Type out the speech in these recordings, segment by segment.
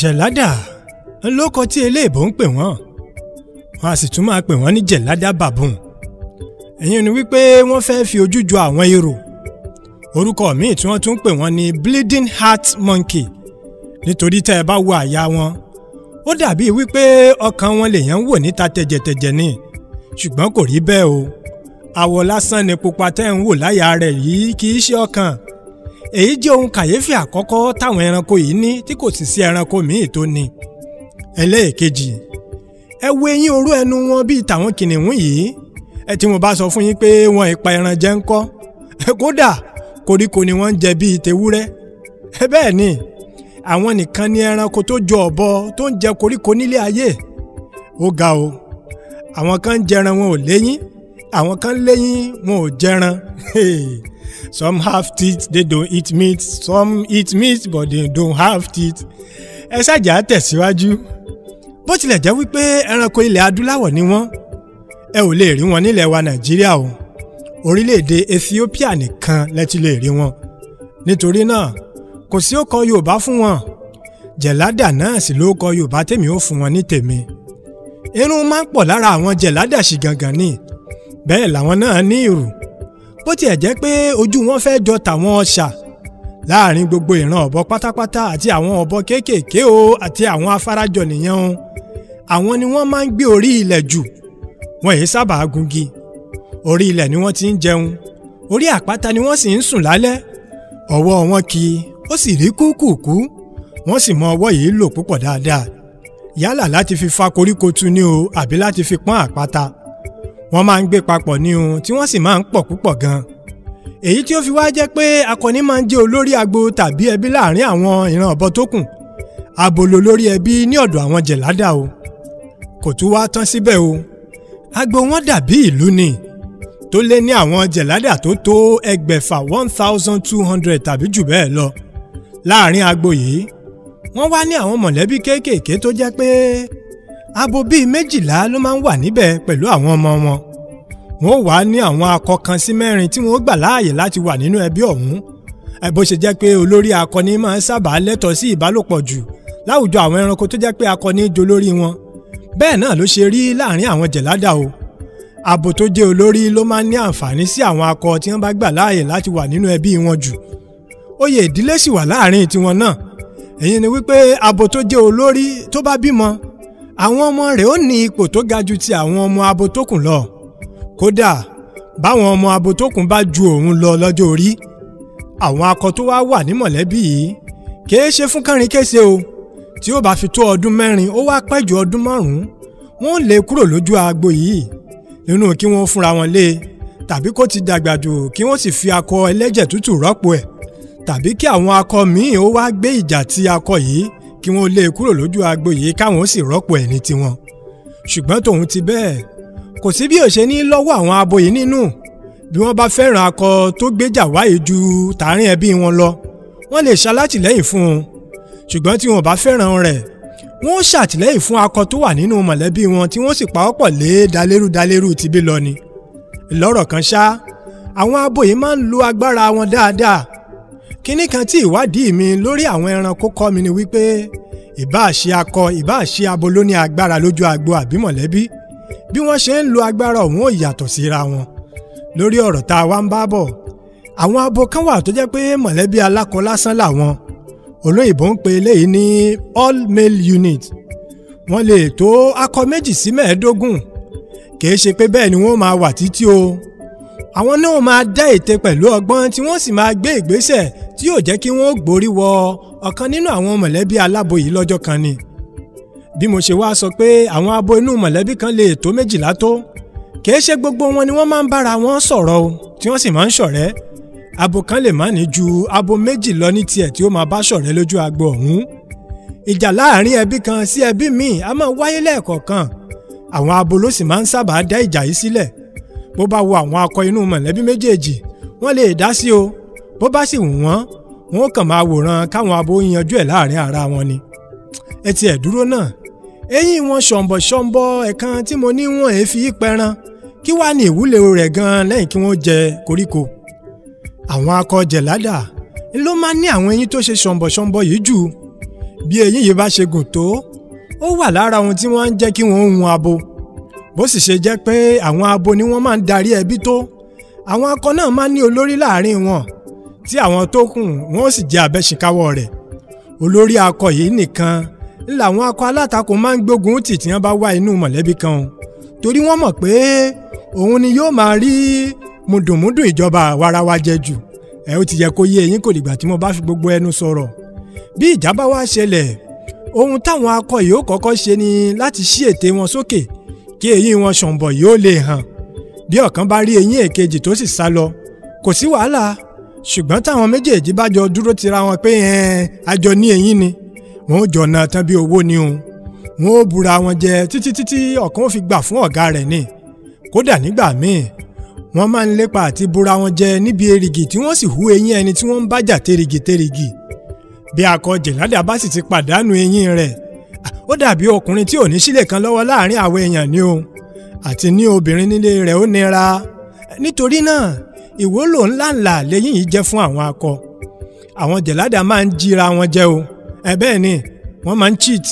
jẹ̀ládà lóko tí eléèbó ń pè wọ́n wọ́n a sì tún máa pè wọ́n ní jẹ̀ládà bàbùn èyí ni wípé wọ́n fẹ́ fi ojú ju àwọn èrò orúkọ míì tí wọ́n tún pè wọ́n ní bleeding heart monkey nítorí tẹ́ ẹ bá wo àyà wọn ó dàbí wípé ọkàn wọn lèèyàn ń wò níta tẹ̀jẹ̀tẹ̀jẹ̀ ni ṣùgbọ́n kò rí bẹ́ẹ̀ o àwọ̀ lásán ni pupa tẹ́ ń wò láyà rẹ̀ yìí kì í ṣe ọkàn èyí jẹ́ ohun kàyéfì àkọ́kọ́ táwọn ẹranko yìí ní tí kò sì sí ẹranko míì tó ní. ẹlẹ́ẹ̀kejì ẹ wo eyín oró ẹnu wọn bíi tàwọn kìnìún yìí ẹ tí mo bá sọ fún yín pé wọn ìpa ẹran jẹ ń kódà koríko ni wọ́n ń jẹ bíi tewúrẹ́ ẹ bẹ́ẹ̀ ni àwọn nìkan ni ẹranko tó jọ ọ̀bọ tó ń jẹ koríko nílé ayé ó ga o àwọn kan ń jẹran wọn ò léyín àwọn kan léyín wọn ò jẹran some have teeth they don't eat meat some eat meat but they don't have teeth ẹ ṣàjà tẹ̀síwájú bó tilẹ̀ jẹ́ wípé ẹranko ilẹ̀ adúláwọ̀ ni wọ́n ẹ ò lè rí wọn nílẹ̀ wa nàìjíríà o orílẹ̀-èdè ethiopia nìkan lẹ ti lè rí wọn nítorí náà kò sí ó kọ yorùbá fún wọn jẹ̀ládà náà sì ló kọ yorùbá tèmi ó fún wọn ní tèmi irun máa ń pọ̀ lára àwọn jẹ̀ládà sì gangan ni bẹ́ẹ̀ làwọn náà ní ìrù bó tiẹ̀ jẹ́ pé ojú wọn fẹ́ jọ tàwọn ọ̀ṣà láàrin gbogbo ìran ọ̀bọ pátápátá àti àwọn ọ̀bọ kéékèèké o àti àwọn afárajọ nìyẹn o àwọn ni wọ́n máa ń gbé orí ilẹ̀ jù wọ́n èyí sábà gungi orí ilẹ̀ ni wọ́n ti ń jẹun orí àpáta ni wọ́n sì ń sùn lálẹ́ ọwọ́ wọn kì í ó sì rí kúkúkú wọ́n sì mọ ọwọ́ yìí lò púpọ̀ dáadáa yálà láti fi fa koríko tu ni o àbí láti fi pọ́n àpáta wọ́n máa ń gbé papọ̀ ní un tí wọ́n sì máa ń pọ̀ púpọ̀ gan. èyí tí ó fi wá jẹ́ pé akọni máa ń jẹ́ olórí agbo tàbí ẹbí láàrin àwọn ìran ọ̀bọ tó kù abolo lórí ẹbí ní ọ̀dọ̀ àwọn jẹ̀ládà o kò tún wá tán síbẹ̀ o agbo wọn dàbí ìlú ni tó lé ní àwọn jẹ̀ládà tó tó ẹgbẹ̀fà one thousand two hundred tàbí jù bẹ́ẹ̀ lọ láàrin agbo yìí wọ́n wá ní àwọn mọ̀lẹ́bí kéékèèké tó jẹ́ pé abo bíi méjìlá ló máa ń wà níbẹ̀ pẹ̀lú àwọn ọmọ wọn wọn ò wá ní àwọn akọ kan sí mẹ́rin tí wọn ó gbà láàyè láti wà nínú ẹbí ọ̀hún bó ṣe jẹ́ pé olórí akọni máa ń sábà lẹ́tọ̀ọ́ sí ìbálòpọ̀ jù láwùjọ àwọn ẹranko tó jẹ́ pé akọni jo wọn bẹ́ẹ̀ náà ló ṣe rí láàrin àwọn jẹ̀ládà o abo tó jẹ́ olórí ló máa ń ní àǹfààní sí àwọn akọ tí wọ́n bá gbà láàyè láti àwọn ọmọ rẹ̀ ó ní ipò tó ga ju ti àwọn ọmọ abotókùn lọ kódà báwọn ọmọ abotókùn bá ju òun lọ lọ́jọ́ orí àwọn akọ tó wá wà ní mọ̀lẹ́bí yìí kèé ṣe fún kánrinkése o tí ó bá fi tó ọdún mẹ́rin ó wá pẹ́ ju ọdún márùn-ún wọ́n lè e kúrò lójú agbo yìí nínú kí wọ́n fúnra wọn lé e, tàbí kó ti dàgbà jù kí wọ́n sì fi akọ ẹlẹ́jẹ̀ tútù rọ́pò ẹ̀ tàbí kí àwọn akọ míì ó wá gbé ìjà ti akọ yìí kí wọ́n lé e kúrò lójú agbo yìí káwọn ó sì rọ́pò ẹni tiwọn ṣùgbọ́n tòun ti bẹ́ẹ̀ kò sí bí òṣè ní lọ́wọ́ àwọn abo yìí nínú bí wọ́n bá fẹ́ràn akọ tó gbéjà wáyé ju tààrin ẹbí wọn lọ wọ́n lè ṣalátìlẹ́yìn fún un ṣùgbọ́n tí wọn bá fẹ́ràn rẹ̀ wọ́n ṣàtìlẹ́yìn fún akọ tó wà nínú mọ̀lẹ́bí wọn tí wọ́n sì pawọ́pọ̀ lé dalérú dalérú tibí lọ ni lọ́rọ̀ kan ṣá àwọn abo máa ń lo agbára wọn dáadáa kínní kan tí ìwádìí mi lórí àwọn ẹranko kọ́ mi ni wípé ìbáà ṣe akọ ìbáà ṣe abo ló ní agbára lójú agbo àbí mọ̀lẹ́bí bí wọ́n ṣe ń lo agbára ọ̀hún ò yàtọ̀ síra wọn lórí ọ̀rọ̀ tá a wá ń bá bọ̀ àwọn abo kan wà tó jẹ́ pé mọ̀lẹ́bí alákọ lásán làwọn olóyìnbó ń pe eléyìí ní all male unit wọ́n lè tó akọ méjì sí mẹ́ẹ̀ẹ́dógún kìí ṣe pé bẹ́ẹ̀ ni wọ́n máa wà títí o àwọn náà máa dá ète pẹ̀lú ọgbọ́n tí wọ́n sì máa gbé ìgbésẹ̀ tí yóò jẹ́ kí wọ́n gborí wọ ọ̀kan nínú àwọn mọ̀lẹ́bí alábo yìí lọ́jọ́ kan ni. bí mo ṣe wá sọ pé àwọn abo inú mọ̀lẹ́bí kan lè tó méjìlá tó kì í ṣe gbogbo wọn ni wọ́n máa ń bára wọn sọ̀rọ̀ o tí wọ́n sì máa ń ṣọ̀rẹ́ abo kan lè má ní ju abo méjì lọ ní tiẹ̀ tí ó máa bá ṣọ̀rẹ́ lójú agbo ọ̀hún ìjà láàrin ẹbí kan sí ẹbí míì a máa wáyé lẹ́ẹ̀kọ̀ọ̀kan àwọn abo ló sì máa ń sábà dá ìjà yìí sílẹ̀ bó bá wo àwọn akọ inú mọ̀lẹ́bí méjèèjì wọ́n lè dá sí o bó bá sì wù wọ́n wọn kàn máa wòran káwọn abo yanjú ẹ̀ láàrin ara wọn ni. ẹ tiẹ̀ dúró náà eyín wọn ṣọ̀ǹbọ̀ṣọ̀ǹbọ̀ ẹ̀kan tí mo ní wọn èéfi pẹran kí wàá ní ìwúlò rẹ̀ gan-an lẹ́yìn kí wọ́n jẹ koríko. àwọn akọ jẹ̀ládà ló máa ń ní àwọn eyín tó ṣe ṣọ̀ǹbọ̀ṣọ̀ǹbọ̀ yìí jù bí eyín yìí bá ṣe gùn tó ó wà lára ohun tí wọ́n ń jẹ́ kí wọ́n hun abo bó sì ṣe jẹ́ pé àwọn abo ni wọ́n máa ń darí ẹbí tó àwọn akọ náà máa ń ní olórí láàrin wọn tí àwọn tó kù wọn sì jẹ́ abẹ́sìnkáwọ́ rẹ̀ olórí akọ yìí nìkan làwọn akọ alátakò máa ń gbógun tì tí wọ́n bá wá inú mọ̀lẹ́bí kan o torí wọ́n mọ̀ pé òun ni yóò máa rí mùdùnmùdùn ìjọba àwarawa jẹ jù ẹ ó ti yẹ kó yé eyín kò dìgbà tí mo bá fi gbogbo ẹnu sọ̀rọ̀ bí ìjà bá wá ṣẹlẹ̀ ohun táwọn akọ yìí ó kọ́kọ́ ṣe ni láti ṣí ètè wọn sókè so kí eyín wọn ṣọ̀ǹbọ̀ yóò lè hàn bí ọ̀kan bá rí eyín èkejì tó sì sá lọ kò sí wàhálà ṣùgbọ́n táwọn méjèèjì bá jọ dúró tira wọn pé àjọ ní eyín ni wọn ò jọ náà tán bí owó ni òun wọn ò búra wọn jẹ títí títí ọ̀kan ó fi gbà fún ọ̀gá rẹ̀ ni kódà nígbà míì wọ́n máa ń lépa àti búra wọn jẹ níbi erìgì tí wọ́n sì hú eyín ẹni tí wọ́n ń bájà tèrìgì tèrìgì bí akọ jẹ̀ládà bá sì ti pàdánù eyín rẹ̀ ó dàbí ọkùnrin tí ò ní sílẹ̀ kan lọ́wọ́ láàrin àwọn èèyàn ni o àti ní obìnrin nílé rẹ̀ ó nira nítorí náà ìwólò ńláńlá lẹ́yìn yìí jẹ́ fún àwọn akọ àwọn jẹ̀ládà máa ń jíra wọn jẹ o ẹ bẹ́ẹ̀ ni wọ́n máa ń cheat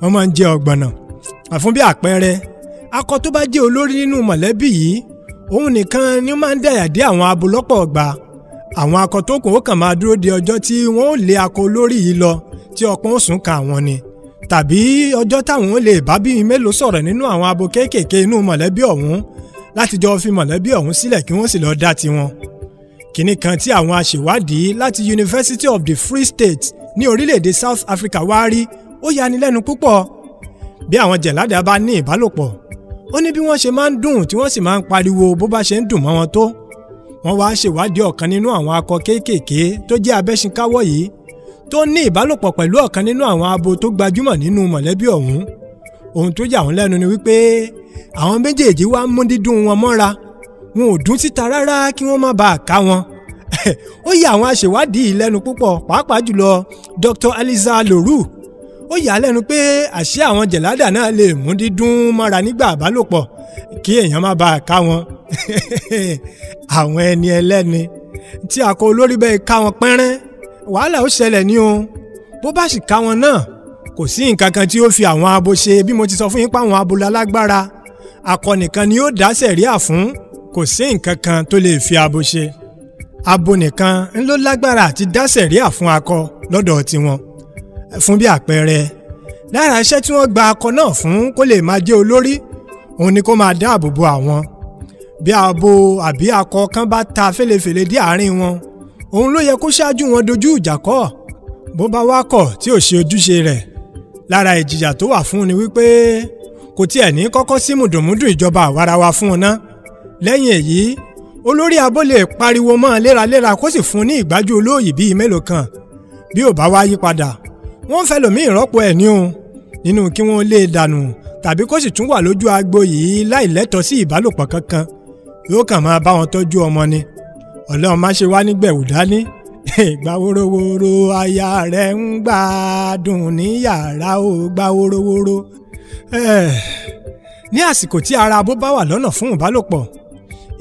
wọ́n máa ń jẹ ọ̀gbọ̀nà àfún bí àpẹẹrẹ akọ tó bá jẹ́ olórí nínú mọ̀lẹ́bí yìí òun nìkan ni ó máa ń dàyà dé àwọn abo lọ́pọ̀ ọgbà àwọn akọ tó kù ó kàn máa dúró de ọjọ́ tí wọ́n ó lé akọ olórí yìí lọ tí ọpọ́n ó sùn ka àwọn ni tàbí ọjọ́ táwọn lè bá bí mélòó sọ̀rọ̀ nínú àwọn abo kéékèèké inú mọ̀lẹ́bí ọ̀hún láti jọ fi mọ̀lẹ́bí ọ̀hún sílẹ̀ kí wọ́n sì lọ́ọ́ dá tiwọn. kínní kan tí àwọn aṣèwádìí láti University of the Free State ní orílẹ̀-èdè South Africa wá rí ó yanilẹ́nu púpọ̀ bí àwọn jẹ̀ládàá bá ní ìbálòpọ̀ ó ní bí wọ́n ṣe máa ń dùn tí wọ́n sì máa ń pariwo bó bá ṣe ń dùn mọ́ wọn tó wọ́n wá ṣèwádìí ọ̀kan nínú àwọn akọ kéékèèké tó jẹ́ abẹ́ṣinkáwọ́ yìí tó ní ìbálòpọ̀ pẹ̀lú ọ̀kan nínú àwọn abo tó gbajúmọ̀ nínú mọ̀lẹ́bí ọ̀hún ohun tó yà wọ́n lẹ́nu ni wípé àwọn méjèèjì wá mú dídùn wọn mọ́ra wọn ò dún síta rárá kí wọ́n má bàa ká wọn ó yà àwọn aṣèwádìí lẹ́nu púpọ̀ pàápàá jùlọ Dr. Aliza Loru ó yà á lẹ́nu pé àṣé àwọn jẹ̀ládà náà lè mú dídún mọ́ra nígbà àbálòpọ̀ kí èèyàn má bàa ká wọn àwọn ẹni ẹlẹ́ni tí a kò olórí bẹ́ẹ̀ ká wọn pẹ́rẹ́ wàhálà ó ṣẹlẹ̀ ní o bó bá sì ká wọn náà kò sí nǹkan kan tí ó fi àwọn abo ṣe bí mo ti sọ fún yín pé àwọn abo lálágbára akọnìkan ni ó dá sẹ̀ríà fún kò sí nǹkan kan tó lè fi abo ṣe abo nìkan ń ló lágbára àti dá sẹ̀ríà fún akọ lọ́dọ̀ tiwọn fún bí àpẹẹrẹ lára iṣẹ́ tí wọ́n gba akọ náà fún kó lè máa jẹ́ olórí òun ni kó máa dáàbò bo àwọn bí abo àbí akọ kan bá ta fèlèfèlè dé àárín wọn òun ló yẹ kó ṣáájú wọn dojú ìjà kọ́ bó bá wá kọ̀ tí ò ṣe ojúṣe rẹ̀ lára ìjìyà tó wà fún ni wípé kò tiẹ̀ ní kọ́kọ́ sí mùdùnmúdùn ìjọba àwarawa fún un ná lẹ́yìn èyí olórí abọ́lé pariwo mọ́ léraléra kó sì fún ní ìgbájú olóòyì bíi mélòó kan bí ò bá wá yí padà wọ́n fẹ́ lòmíì rọ́pò ẹ̀ ní o nínú kí wọ́n lé dànù tàbí kó sì tún wà lójú agbo yìí láì lẹ́tọ̀ọ́ sí ìbálòpọ̀ kankan yóò kàn máa bá wọn tọ́jú ọmọ ni ọlọ́run má ṣe wá nígbẹ̀wò dání ìgbà worowóró aya rẹ̀ ń gbádùn ní yàrá ó gbà worowóró eh, ní àsìkò tí ara abo bá wà lọ́nà fún ìbálòpọ̀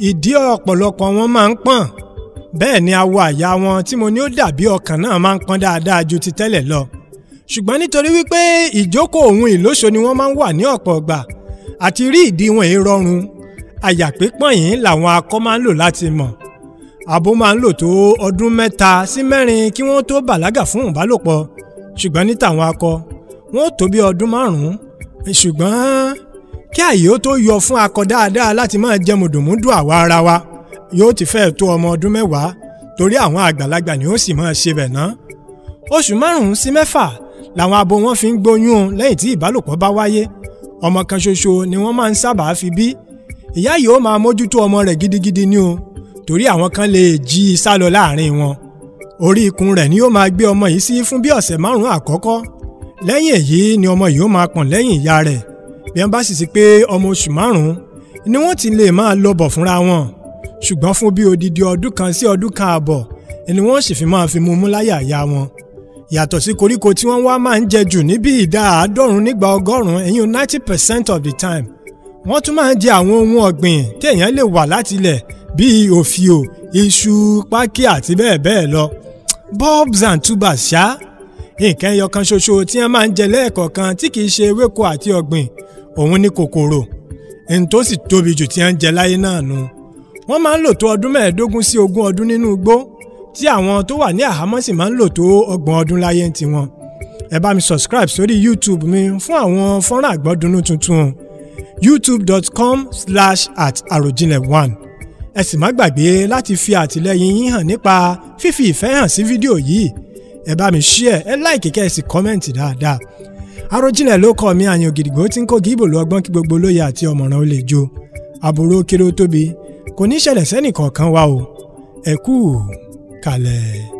ìdí ọ̀pọ̀lọpọ̀ wọn máa ń pọ̀n bẹ́ẹ̀ ni awọ àyà wọn tí mo ní ó dàbí ọkàn náà máa ń pọ́n dáadáa ju ti tẹ́lẹ̀ lọ ṣùgbọ́n nítorí wípé ìjókòó ohun ìlóṣo ni wọ́n máa ń wà ní ọ̀pọ̀ ọgbà àti rí ìdí wọn èé àyà pípọ́n yìí làwọn akọ máa ń lò láti mọ̀ abo máa ń lò tó ọdún mẹ́ta sí mẹ́rin kí wọ́n tó bàlágà fún ìbálòpọ̀ ṣùgbọ́n ní tàwọn akọ wọ́n tó bí ọdún márùn-ún ṣùgbọ́n kí àyè ó tó yọ fún akọ dáadáa láti máa jẹ mùdùmúdù àwa ara wa yóò ti fẹ́ẹ̀ tó ọmọ ọdún mẹ́wàá torí àwọn àgbàlagbà ni ó sì máa ṣe bẹ̀ ná oṣù márùn-ún sí mẹ́fà làwọn abo wọn fi ń gbóyún lẹ́yìn tí ìbálòpọ̀ bá wáyé ọmọ kan ṣoṣo ni wọ́n máa ń sábàá fi bí ìyá yìí ó máa mójútó ọmọ rẹ̀ gidigidi ni o torí àwọn kan lè jí i sá lọ láàrin wọn orí ikùn rẹ̀ ni ó máa gbé ọmọ yìí sí fún bí ọ̀sẹ̀ márùn-ún àkọ́kọ́ lẹ́yìn èyí ni ọmọ yìí ó máa pọ̀n lẹ́yìn ìyá rẹ̀ bí wọ́n bá sì ti pé ọmọ oṣù márùn-ún ni wọ́n ti lè máa lọ bọ̀ fúnra wọn ṣùgbọ́n fún bí odidi ọdún kan sí ọdún kan ààbọ̀ ni wọ́n sì fi máa fi mumu láyà ìyá wọn yàtọ̀ sí koríko tí wọ́n wá máa ń jẹ jù ní bí ìdá àádọ́rùn-ún nígbà ọgọ́rùn-ún ẹ̀yìn ninety percent of the time wọ́n tún máa ń jẹ àwọn ohun ọ̀gbìn téèyàn lè wà látilẹ̀ bíi òfìò iṣu pákí àti bẹ́ẹ̀ bẹ́ẹ̀ lọ bulbs and tubers ṣá nǹkan ẹyọ kan ṣoṣo tí wọ́n máa ń jẹ lẹ́ẹ̀kọ̀ọ̀kan tí kì í ṣe ewéko àti ọ̀gbìn òun ní kòkòrò n tó sì tóbi jù tí wọ́n ń jẹ láyé náà nu wọ́n máa ń lò tó ọdún mẹ́ẹ̀ẹ́dógún sí ogún ọdún nínú igbó tí àwọn tó wà ní àhámọ́ sì máa ń lò tó ọgbọ̀n ọdún láyé ń tiwọn ẹ bá mi subscribe sórí YouTube mi fún àwọn fọ́nrán àgbọ́dúnú tuntun youtube.com slash at àròjinlẹ̀ one ẹ sì má gbàgbé láti fi àtìlẹ́yìn yín hàn nípa fífi ìfẹ́ hàn sí fídíò yìí ẹ bá mi share ẹ like kẹ́ ẹ sì kọ́mẹ̀ntì dáadáa. Àròjinlẹ̀ ló kọ́ mi àyàn gidigbo tí ń kó gíbò lu ọgbọ́n kí gbogbo olóye àti ọ̀mọ̀ràn ó lè jó àbúrò kí ló tóbi kò ní ṣẹlẹ̀ sẹ́nì wa o ẹ kú kalẹ̀.